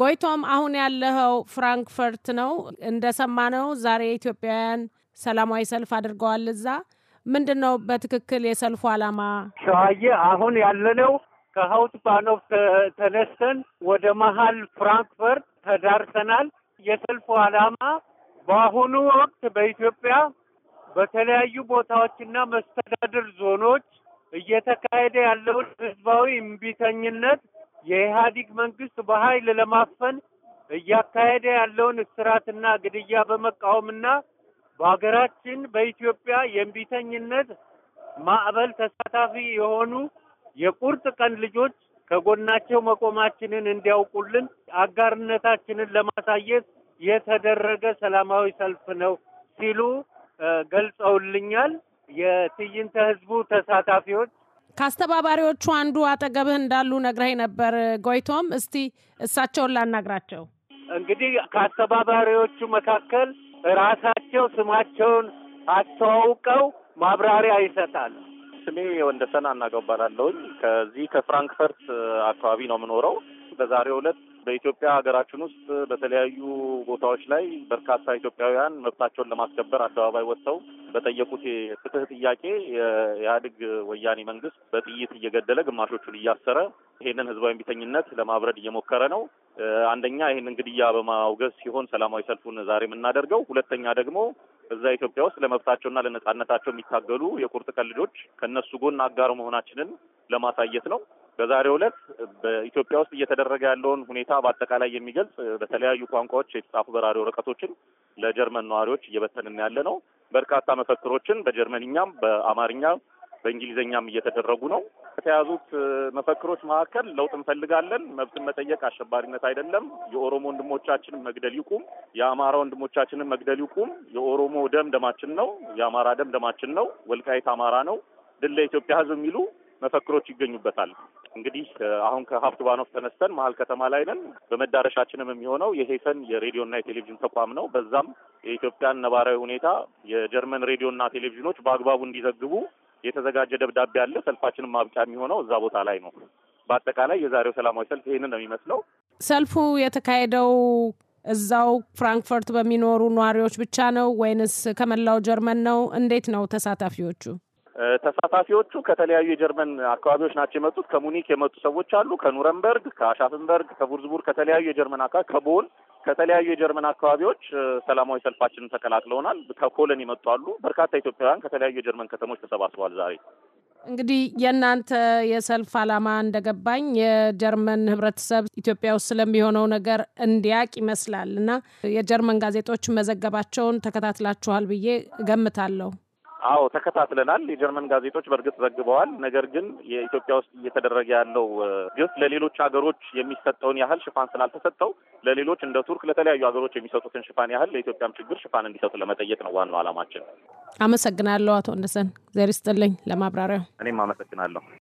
ጎይቶም አሁን ያለኸው ፍራንክፈርት ነው። እንደሰማነው ዛሬ ኢትዮጵያውያን ሰላማዊ ሰልፍ አድርገዋል። እዛ ምንድን ነው በትክክል የሰልፉ ዓላማ? ሸዋዬ አሁን ያለነው ከሀውት ባኖፍ ተነስተን ወደ መሀል ፍራንክፈርት ተዳርሰናል። የሰልፉ ዓላማ በአሁኑ ወቅት በኢትዮጵያ በተለያዩ ቦታዎችና መስተዳድር ዞኖች እየተካሄደ ያለውን ህዝባዊ እምቢተኝነት የኢህአዲግ መንግስት በኃይል ለማፈን እያካሄደ ያለውን እስራትና ግድያ በመቃወምና በሀገራችን በኢትዮጵያ የእምቢተኝነት ማዕበል ተሳታፊ የሆኑ የቁርጥ ቀን ልጆች ከጎናቸው መቆማችንን እንዲያውቁልን አጋርነታችንን ለማሳየት የተደረገ ሰላማዊ ሰልፍ ነው ሲሉ ገልጸውልኛል። የትዕይንተ ህዝቡ ተሳታፊዎች ከአስተባባሪዎቹ አንዱ አጠገብህ እንዳሉ ነግረህ ነበር ጎይቶም። እስቲ እሳቸውን ላናግራቸው። እንግዲህ ከአስተባባሪዎቹ መካከል ራሳቸው ስማቸውን አስተዋውቀው ማብራሪያ ይሰጣል። ስሜ ወንደሰን አናገባላለሁኝ። ከዚህ ከፍራንክፈርት አካባቢ ነው የምኖረው። በዛሬው ዕለት በኢትዮጵያ ሀገራችን ውስጥ በተለያዩ ቦታዎች ላይ በርካታ ኢትዮጵያውያን መብታቸውን ለማስከበር አደባባይ ወጥተው በጠየቁት የፍትህ ጥያቄ የኢህአዴግ ወያኔ መንግስት በጥይት እየገደለ ግማሾቹን እያሰረ ይህንን ህዝባዊ እምቢተኝነት ለማብረድ እየሞከረ ነው። አንደኛ ይህንን ግድያ በማውገዝ ሲሆን ሰላማዊ ሰልፉን ዛሬ የምናደርገው፣ ሁለተኛ ደግሞ እዛ ኢትዮጵያ ውስጥ ለመብታቸውና ለነጻነታቸው የሚታገሉ የቁርጥ ቀን ልጆች ከእነሱ ጎን አጋር መሆናችንን ለማሳየት ነው። በዛሬው ዕለት በኢትዮጵያ ውስጥ እየተደረገ ያለውን ሁኔታ በአጠቃላይ የሚገልጽ በተለያዩ ቋንቋዎች የተጻፉ በራሪ ወረቀቶችን ለጀርመን ነዋሪዎች እየበተንን ያለ ነው። በርካታ መፈክሮችን በጀርመንኛም፣ በአማርኛ፣ በእንግሊዝኛም እየተደረጉ ነው። ከተያዙት መፈክሮች መካከል ለውጥ እንፈልጋለን፣ መብትን መጠየቅ አሸባሪነት አይደለም፣ የኦሮሞ ወንድሞቻችንን መግደል ይቁም፣ የአማራ ወንድሞቻችንን መግደል ይቁም፣ የኦሮሞ ደም ደማችን ነው፣ የአማራ ደም ደማችን ነው፣ ወልቃይት አማራ ነው፣ ድል ለኢትዮጵያ ህዝብ የሚሉ መፈክሮች ይገኙበታል። እንግዲህ አሁን ከሀብት ባኖፍ ተነስተን መሀል ከተማ ላይ ነን። በመዳረሻችንም የሚሆነው የሄሰን የሬዲዮና የቴሌቪዥን ተቋም ነው። በዛም የኢትዮጵያን ነባራዊ ሁኔታ የጀርመን ሬዲዮና ቴሌቪዥኖች በአግባቡ እንዲዘግቡ የተዘጋጀ ደብዳቤ አለ። ሰልፋችንም ማብቂያ የሚሆነው እዛ ቦታ ላይ ነው። በአጠቃላይ የዛሬው ሰላማዊ ሰልፍ ይህንን ነው የሚመስለው። ሰልፉ የተካሄደው እዛው ፍራንክፈርት በሚኖሩ ነዋሪዎች ብቻ ነው ወይንስ ከመላው ጀርመን ነው? እንዴት ነው ተሳታፊዎቹ? ተሳታፊዎቹ ከተለያዩ የጀርመን አካባቢዎች ናቸው የመጡት። ከሙኒክ የመጡ ሰዎች አሉ፣ ከኑረንበርግ፣ ከአሻፍንበርግ፣ ከቡርዝቡር፣ ከተለያዩ የጀርመን አካባቢ ከቦን ከተለያዩ የጀርመን አካባቢዎች ሰላማዊ ሰልፋችንን ተቀላቅለውናል። ከኮለን የመጡ አሉ። በርካታ ኢትዮጵያውያን ከተለያዩ የጀርመን ከተሞች ተሰባስበዋል። ዛሬ እንግዲህ የእናንተ የሰልፍ ዓላማ እንደገባኝ የጀርመን ህብረተሰብ ኢትዮጵያ ውስጥ ስለሚሆነው ነገር እንዲያቅ ይመስላል እና የጀርመን ጋዜጦች መዘገባቸውን ተከታትላችኋል ብዬ እገምታለሁ። አዎ ተከታትለናል። የጀርመን ጋዜጦች በእርግጥ ዘግበዋል። ነገር ግን የኢትዮጵያ ውስጥ እየተደረገ ያለው ግፍ ለሌሎች ሀገሮች የሚሰጠውን ያህል ሽፋን ስላልተሰጠው ለሌሎች እንደ ቱርክ ለተለያዩ ሀገሮች የሚሰጡትን ሽፋን ያህል ለኢትዮጵያም ችግር ሽፋን እንዲሰጡ ለመጠየቅ ነው ዋናው ዓላማችን። አመሰግናለሁ አቶ ወንደሰን ዘር ይስጥልኝ ለማብራሪያው። እኔም አመሰግናለሁ።